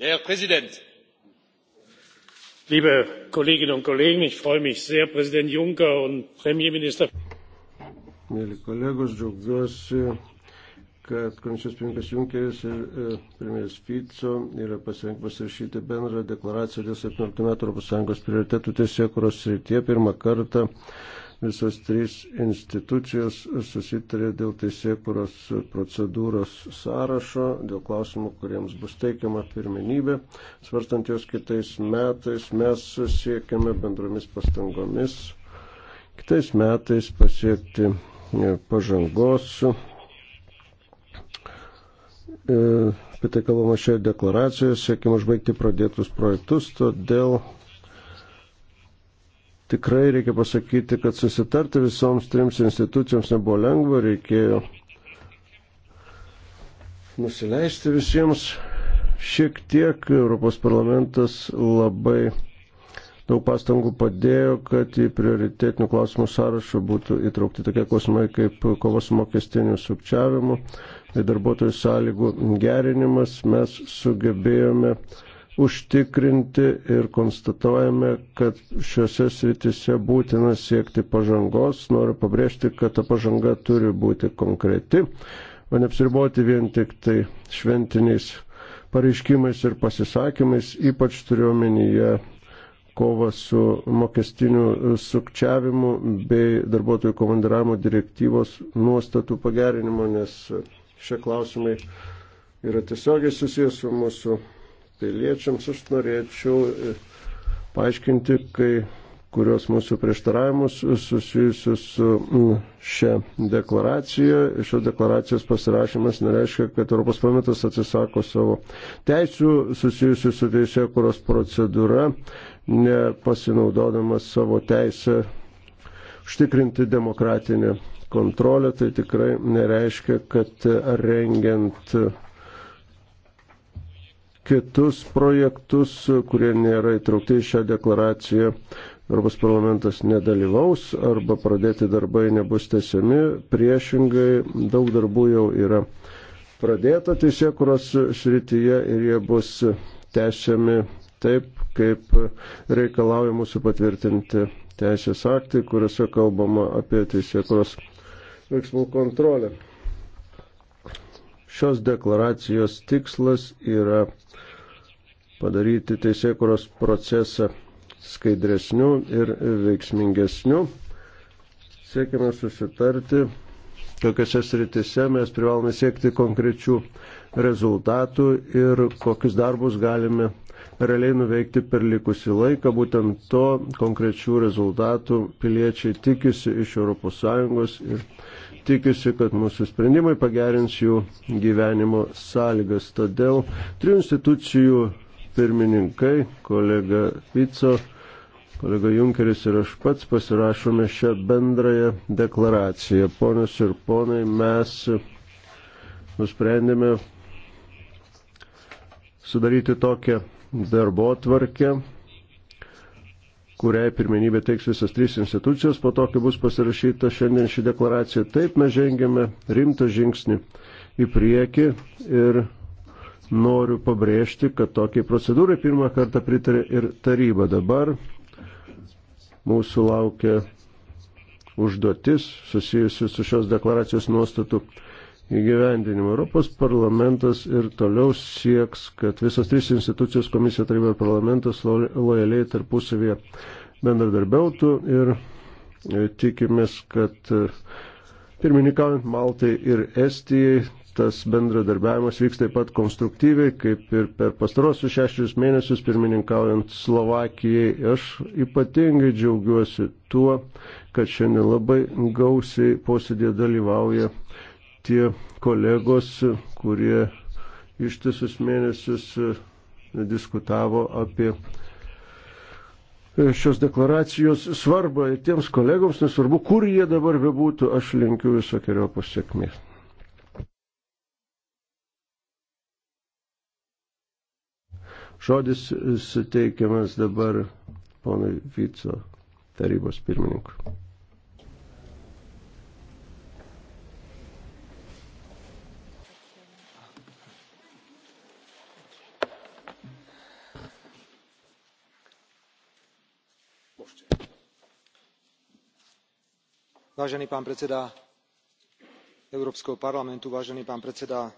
herr präsident liebe kolleginnen und kollegen! ich freue mich sehr präsident juncker und premierminister mieli kolegos džiaugiuosi kad komisijos pirmininkas junkeris ir e, premjeras fico yra pasirengę pasirašyti bendrą deklaraciją dėl septynioliktų metų europos sąjungos prioritetų teisėkūros srityje pirmą kartą Visos trys institucijos susitarė dėl teisėkuros procedūros sąrašo, dėl klausimų, kuriems bus teikiama pirmenybė. Svarstant jos kitais metais, mes siekiame bendromis pastangomis kitais metais pasiekti e, pažangos e, apie tai kalbama šioje deklaracijoje, siekime užbaigti pradėtus projektus, todėl Tikrai reikia pasakyti, kad susitarti visoms trims institucijoms nebuvo lengva, reikėjo nusileisti visiems šiek tiek. Europos parlamentas labai daug pastangų padėjo, kad į prioritetinių klausimų sąrašą būtų įtraukti tokie klausimai kaip kovos mokestinių sukčiavimų, tai darbuotojų sąlygų gerinimas. Mes sugebėjome uh, užtikrinti ir konstatuojame, kad šiuose sritise būtina siekti pažangos. Noriu pabrėžti, kad ta pažanga turi būti konkreti, o neapsiriboti vien tik tai šventiniais pareiškimais ir pasisakymais, ypač turiuomenyje kova su mokestiniu sukčiavimu bei darbuotojų komandiravimo direktyvos nuostatų pagerinimu, nes šie klausimai yra tiesiogiai susijęs su mūsų piliečiams, aš norėčiau e, paaiškinti, kai kurios mūsų prieštaravimus susijusius su šia deklaracija. Šios deklaracijos pasirašymas nereiškia, kad Europos parlamentas atsisako savo teisų susijusių su teisė, kurios procedūra, nepasinaudodamas savo teisę užtikrinti demokratinę kontrolę. Tai tikrai nereiškia, kad rengiant kitus projektus, kurie nėra įtraukti į šią deklaraciją. Europos parlamentas nedalyvaus arba pradėti darbai nebus tesiami. Priešingai, daug darbų jau yra pradėta teisėkuros srityje ir jie bus tęsiami taip, kaip reikalauja mūsų patvirtinti teisės aktai, kuriuose kalbama apie teisėkuros veiksmų kontrolę. Šios deklaracijos tikslas yra padaryti teisėkuros procesą skaidresniu ir veiksmingesniu. Siekime susitarti, kokiuose sritise mes privalome siekti konkrečių rezultatų ir kokius darbus galime realiai nuveikti per likusį laiką. Būtent to konkrečių rezultatų piliečiai tikisi iš ES ir tikisi, kad mūsų sprendimai pagerins jų gyvenimo sąlygas. Todėl trijų institucijų pirmininkai, kolega Vico, kolega Junkeris ir aš pats pasirašome šią bendrąją deklaraciją. Ponios ir ponai, mes nusprendėme sudaryti tokią darbo tvarkę, kuriai pirmenybė teiks visas trys institucijos, po to, kai bus pasirašyta šiandien ši deklaracija. Taip mes žengėme rimtą žingsnį į priekį ir noriu pabrėžti, kad tokiai procedūrai pirmą kartą pritarė ir taryba. Dabar mūsų laukia užduotis susijusi su šios deklaracijos nuostatų įgyvendinimu. Europos parlamentas ir toliau sieks, kad visos trys institucijos komisija, taryba ir parlamentas lojaliai tarpusavėje bendradarbiautų ir e, tikimės, kad e, pirmininkaujant Maltai ir Estijai tas bendradarbiavimas vyks taip pat konstruktyviai, kaip ir per pastarosius šešius mėnesius pirmininkaujant Slovakijai. Aš ypatingai džiaugiuosi tuo, kad šiandien labai gausiai posėdėje dalyvauja tie kolegos, kurie ištisus mėnesius e, diskutavo apie šios deklaracijos svarbą ir tiems kolegoms, nesvarbu, kur jie dabar bebūtų, aš linkiu visokiojo pasiekmės. Žodis suteikiamas dabar ponui Vico tarybos pirmininkui. vážený pán predseda európskeho parlamentu vážený pán predseda